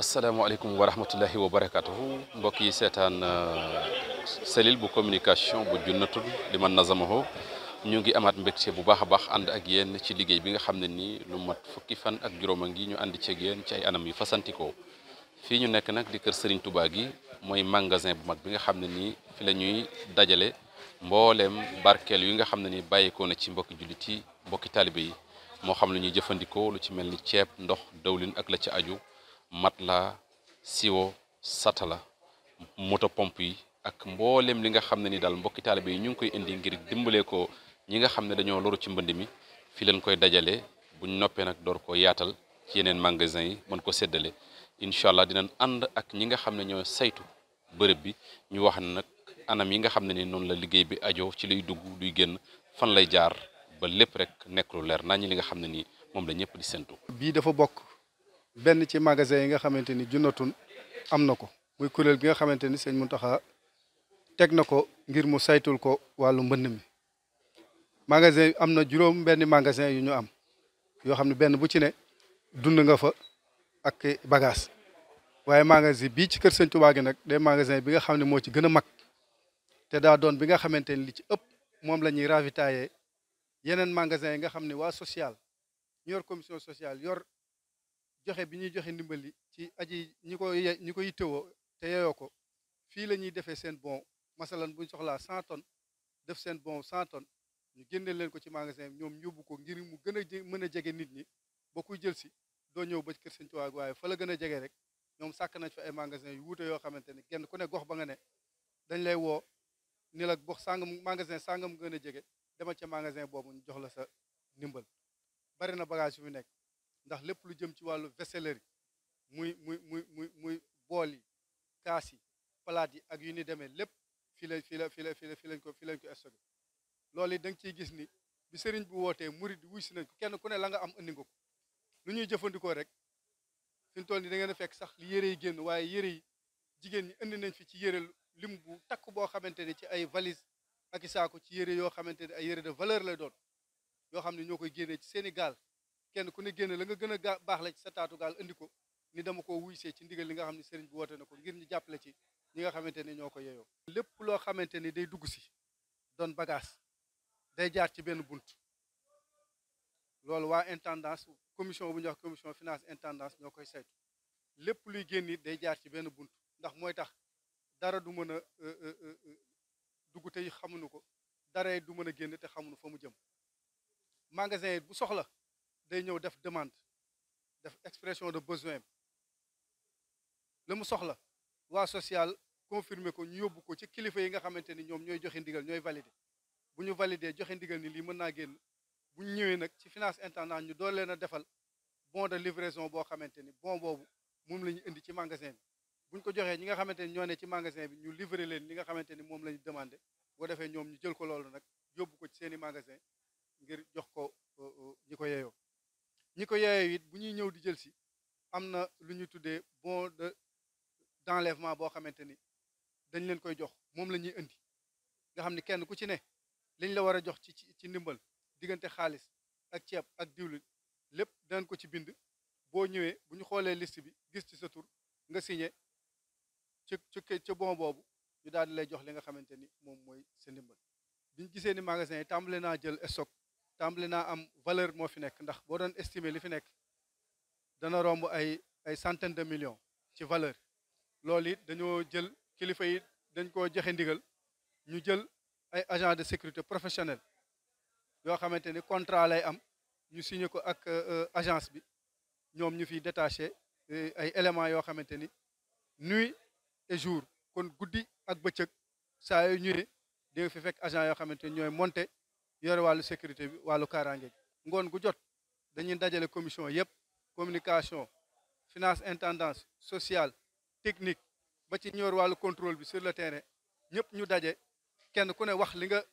asalaamaaleykum wa rahmatullahi wa barakatuhu mbokk yi seetaan selil euh, bu communication bu junnatul liman nazamaho ñu ngi amaat mbégte bu baax a baax ànd ak yéen ci liggéey bi nga xam ne nii lu mat fukki fan ak juróom a ngi ñu ànd ceeg yéen ci ay anam yu fasantikoo fii ñu nekk nag di kër sëriñ Touba gi mooy magasin bu mag bi nga xam ne nii fi ñuy dajale mboolem barkeel yi nga xam ne ni bàyyeekoo na ci mbokki jullit yi mbokki taalibe yi moo xam lu ñuy jëfandikoo lu ci mel ni ceeb ndox dawlin ak la ci ajo aju matelas siwo satala moto pompe yi ak mboolem li nga xam ne ni daal mbokki taalibe yi ñu ngi koy indi ngir dimbalee ko ñi nga xam ne dañoo loru ci mbënd mi fi leen koy dajale buñ noppee nag door ko yaatal ci yeneen magasin yi mën ko séddale incha allah dinañ ànd ak ñi nga xam ne ñoo saytu bërëb bi ñu wax ne nag anam yi nga xam ne ni noonu la liggéey bi ajo ci luy dugg luy génn fan lay jaar ba lépp rek nekk lu leer nañu li nga xam ne ni moom la ñëpp di séntu. bii dafa bokk benn ci magasin yi nga xamante ni junnatun am na ko muy kuréel gi nga xamante ni seen mu Mountakha teg na ko ngir mu saytul ko wàllu mbënd mi magasin yi am na juróom benn magasin yu ñu am yoo xam ne benn bu ci ne dund nga fa ak bagas waaye magasin bii ci kër sëñ Tuubaa gi nag day magasin bi nga xam ne moo ci gën a mag te daa doon bi nga xamante ni li ci ëpp moom la ñuy ravitailler yeneen magasin yi nga xam ne waa sociale ñor commission sociale yor joxe bi ñuy joxe ndimbali ci aji ñi ko ñi ko yittewoo te yeyoo ko fii la ñuy defee seen bon masalan buñ soxlaa cent tonnes def seen bon cent tonnes ñu génne leen ko ci magasin ñoom yóbbu ko ngir mu gën a mën a jege nit ñi ba kuy jël si doo ñëw ba kër sëñ Tuubaa waaye fa la gën a jege rek ñoom sàkk nañ fa ay magasin yu wuute yoo xamante ne kenn ku ne gox ba nga ne dañ lay woo ni la gox mu magasin sàngam gën a jege demal ce magasin boobu ñu jox la sa ndimbal bari na bagage yu nekk ndax lépp lu jëm ci wàllu vaisselerie muy muy muy muy muy bool yi kaas yi palaat yi ak yu ni demee lépp fii la fii la fii la fii lañ ko fii lañ ko stocké loolu it da nga ciy gis ni bi sëriñ bi wootee murid wuy si nañ ko kenn ku ne la nga am andi nga ko lu ñuy jëfandikoo rek fi mu toll nii da ngeen a fekk sax yére yi génn waaye yére yi jigéen ñi indi nañ fi ci yére lim bu takk boo xamante ni ci ay valise ak i saako ci yére yoo xamante ne ay yére de valeur lay doon yoo xam ne ñoo koy génnee ci seeni kenn ku ne génne la nga gën a baax la ci sa taatu gaal indi ko ni dama koo wuysee ci ndigal li nga xam ne sëriñ bi woote na ko ngir ñu jàppale ci ñi ga xamante ne ñoo ko yeyoo lépp loo xamante ni day dugg si doon bagage day jaar ci benn bunt loolu waa intendance commission bu ñuy wax commission finance intendance ñoo koy saytu lépp luy génn it day jaar ci benn bunt ndax mooy tax dara du mën a euh, euh, euh, dugg tey xamuñu ko dara du mën a génn te xamuñu fa mu jëm magasin bu soxla day ñëw def demande def expression de besoin la mu soxla waa social confirmé ko ñu yóbbu ko ci kilifa yi nga xamante ni ñoom ñooy joxe ndigal ñooy validé bu ñu validé joxe ndigal ni lii mën naa génn bu ñëwee nag ci finance intendant ñu doon leen a defal bon de livraison boo xamante ni bon boobu moom la ñu indi ci magasin buñ ko joxee ñi nga xamante ni ñoo ne ci magasin bi ñu livrer leen li nga xamante ni moom lañu demandé boo defee ñoom ñu jël ko loolu nag yóbbu ko ci seeni magasin ngir jox ko euh, euh, ñi ko yeeyoo ñi ko yeeyoo it bu ñuy ñëw di jël si am na lu ñu tuddee bon de d'enlèvement boo xamante ni dañ leen koy jox moom la ñuy indi nga xam ni kenn ku ci ne lañ la war a jox ci ci ndimbal diggante xaalis ak ceeb ak diwlin lépp dan ko ci bind boo ñëwee bu ñu xoolee list bi gis ci sa tur nga signé ci ci ci bon boobu ñu daal di lay jox li nga xamante ni moom mooy sa ndimbal biñ gisee ni magasin yi naa jël stock tàmbale naa am valeur moo fi nekk ndax boo doon estimer li fi nekk dana romb ay ay centaine de million ci valeur loolu it dañoo jël kilifa yi dañ koo joxe ndigal ñu jël ay agent de sécurité professionnelle yoo xamante ni contrat lay am ñu signé ko ak euh, euh, agence bi ñoom ñu fiy détaché euh, ay éléments yoo xamante ni et kon guddi ak bëccëg saa yoo ñëwee di nga fi fekk agent yoo xamante ni ñooy monter yore wàllu sécurité bi wàllu kaaraange gi ngoon gu jot dañuy dajale commission yëpp communication finance intendance sociale technique ba ci ñor wàllu contrôle bi sur le terrain ñëpp ñu daje kenn ku ne wax li nga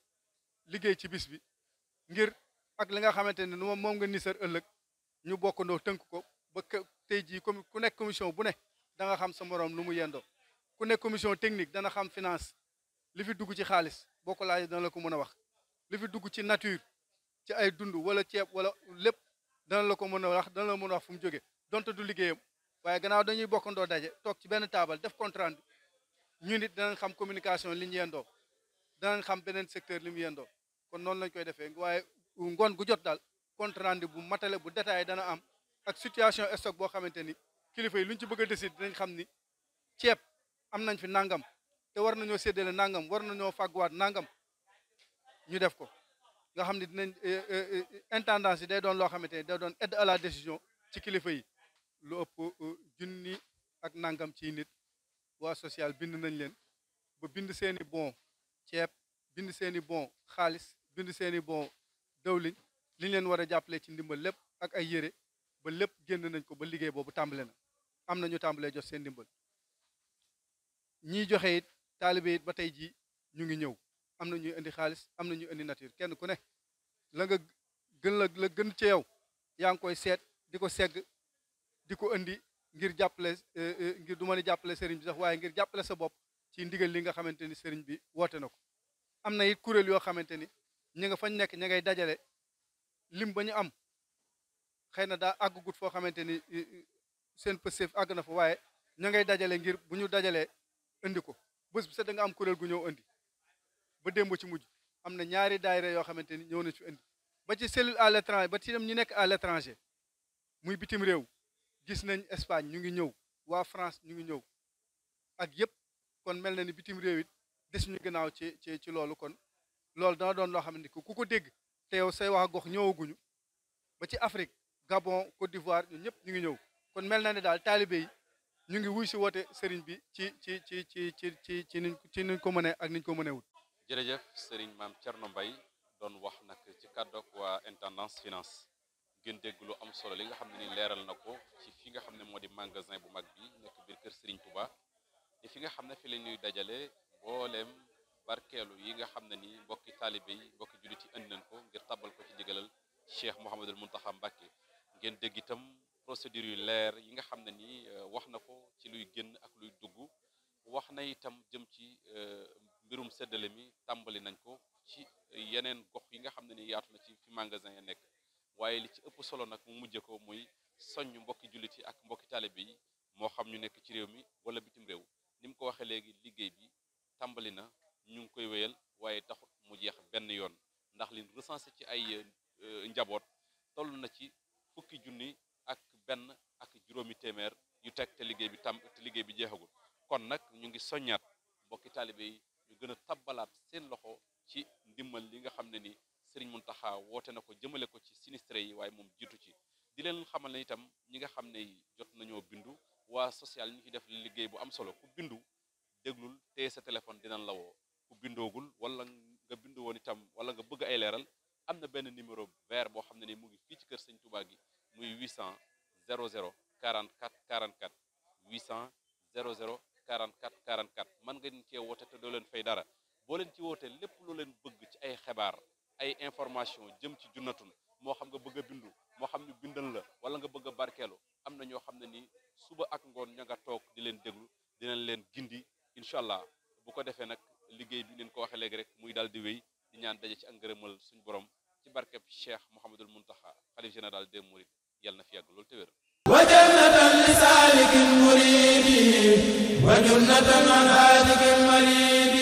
liggéey ci bis bi ngir ak li nga xamante ne moom moom nga nisar ëllëg ñu bokkandoo tënk ko bak tey jii comme ku nekk commission bu ne da nga xam sa moroom lu mu yendoo ku nekk commission technique dana xam finance li fi dugg ci xaalis boo ko laajee dana la ko mën a wax li fi dugg ci nature ci ay dund wala ceeb wala lépp dana la ko mën a wax dana la mën a wax fu mu jógee donte du liggéeyam waaye gannaaw dañuy bokkandoo daje toog ci benn taabal def contrat ñu nit danañ xam communication li ñu yendoo xam beneen secteur li mu kon noonu lañ koy defee waaye ngoon gu jot daal compte rendu bu matale bu détaillé dana am ak situation stock boo xamante ni kilifa yi luñ ci bëgg a décide dinañ xam ni ceeb am nañ fi nangam te war nañoo séddale nangam war nañoo fàgguwaat nangam ñu def ko nga xam ne dinañ eh, eh, eh, intendance yi day doon loo xamante ne day doon aide à décision ci kilifa yi lu ëpp junni ak nangam ci nit waa social bind nañ leen ba bind seeni bon ceeb bind seeni bon xaalis bind seeni bon dawliñ li ñu leen war a jàppale ci ndimbal lépp ak ay yére ba lépp génn nañ ko ba liggéey boobu tàmbale na am na ñu tàmbalee jot seen ndimbal ñiy joxe it taalibe it ba tey jii ñu ngi ñëw am na ñuy indi xaalis am na ñuy indi nature kenn ku ne la gën la la gën ci yaa ngi koy seet di ko segg di ko indi ngir jàppale eh, eh, ngir du ma ne jàppale sëriñ bi sax waaye ngir jàppale sa bopp ci ndigal li nga xamante ni sëriñ bi woote na ko am na it kuréel yoo xamante ni ñi nga fañ nekk ña ngay dajale lim ba ñu am xëy na daa àggugut foo xamante ni eh, seen pëstéef àgg na fa waaye ña ngay dajale ngir bu ñu dajalee indi ko bés bu set da nga am kuréel gu ñëw indi ba démb ci mujj am na ñaari daayira yoo xamante ni ñëw na ci indi ba ci cellule à l'étranger ba ci dem ñu nekk à l'étranger muy bitim réew gis nañ Espagne ñu ngi ñëw waa France ñu ngi ñëw ak yëpp kon mel na ni bitim réew it des ñu gannaaw ci ci ci loolu kon loolu dana doon loo xam ne ku ko dégg te yow say wax gox ñëwaguñu ba ci Afrique Gabon Côte d'Ivoire ñun ñëpp ñu ngi ñëw kon mel na ne daal taalibe yi ñu ngi wuy si woote sëriñ bi ci ci ci ci ci ci ci niñ ci niñ ko mënee ak niñ ko mënee wut. jërëjëf sëriñ maam cer Thierno Mbaye doon wax nag ci kàddoog waa intendance finance ngeen dégg lu am solo li nga xam ne ni leeral na ko ci fi nga xam ne moo di magasin bu mag bi nekk biir kër Serigne Touba te fi nga xam ne fi la ñuy dajale mbooleem barkeelu yi nga xam ne ni mbokki taalibe yi mbokki jullit yi indi nañ ko ngir tabal ko ci ndigalal Cheikh Mouhamadul Mountakha Mbacké ngeen dégg itam. procédures yu leer yi nga xam ne ni euh, wax na ko ci luy génn ak luy dugg wax na itam jëm ci euh, mbirum séddale mi tàmbali nañ ko ci yeneen gox yi nga xam ne ni yaatu na ci fi magasin ya nekk waaye li ci ëpp solo nag mu mujje ko muy soññ mbokki jullit yi ak mbokki taalibe yi moo xam ñu nekk ci réew mi wala bitim réew ni mu ko waxee léegi liggéey bi tàmbali na ñu ngi koy wéyal waaye taxut mu jeex benn yoon ndax li recensé ci ay euh, njaboot toll na ci fukki junni teg te liggéey bi tam te liggéey bi jeexagul kon nag ñu ngi soññaat mbokki taalibe yi ñu gën a tabbalaat seen loxo ci ndimbal li nga xam ne ni Serigne Mountakha woote na ko jëmale ko ci sinistre yi waaye moom jiitu ci di leen xamal na itam ñi nga xam ne jot nañoo bindu waa social ñu ci def liggéey bu am solo ku bindu déglul téye sa téléphone dinañ la woo ku bindoogul wala nga bindu woon itam wala nga bëgg ay leeral am na benn numéro vert boo xam ne ni mu ngi ci kër Sëñ gi muy 800 00 44 44 800 00 44 44 mën ngeen cee woote te doo leen fay dara boo leen ci woote lépp lu leen bëgg ci ay xibaar ay information jëm ci junnatun moo xam nga bëgg a bindu moo xam ñu bindal la wala nga bëgg a barkeelu am na ñoo xam ne nii suba ak ngoon ña nga toog di leen déglu dinañ leen gindi incha allah bu ko defee nag liggéey bi leen ko waxee léegi rek muy daal di wéy di ñaan daje ci ak ngërëmal suñu borom ci barkeb Cheikh Mouhamadul Mountakha xalif général des Mourides yàlla na fi yàgg loolu te wér wa jannatan li saalikin muridi wa jannatan an haadikin maridi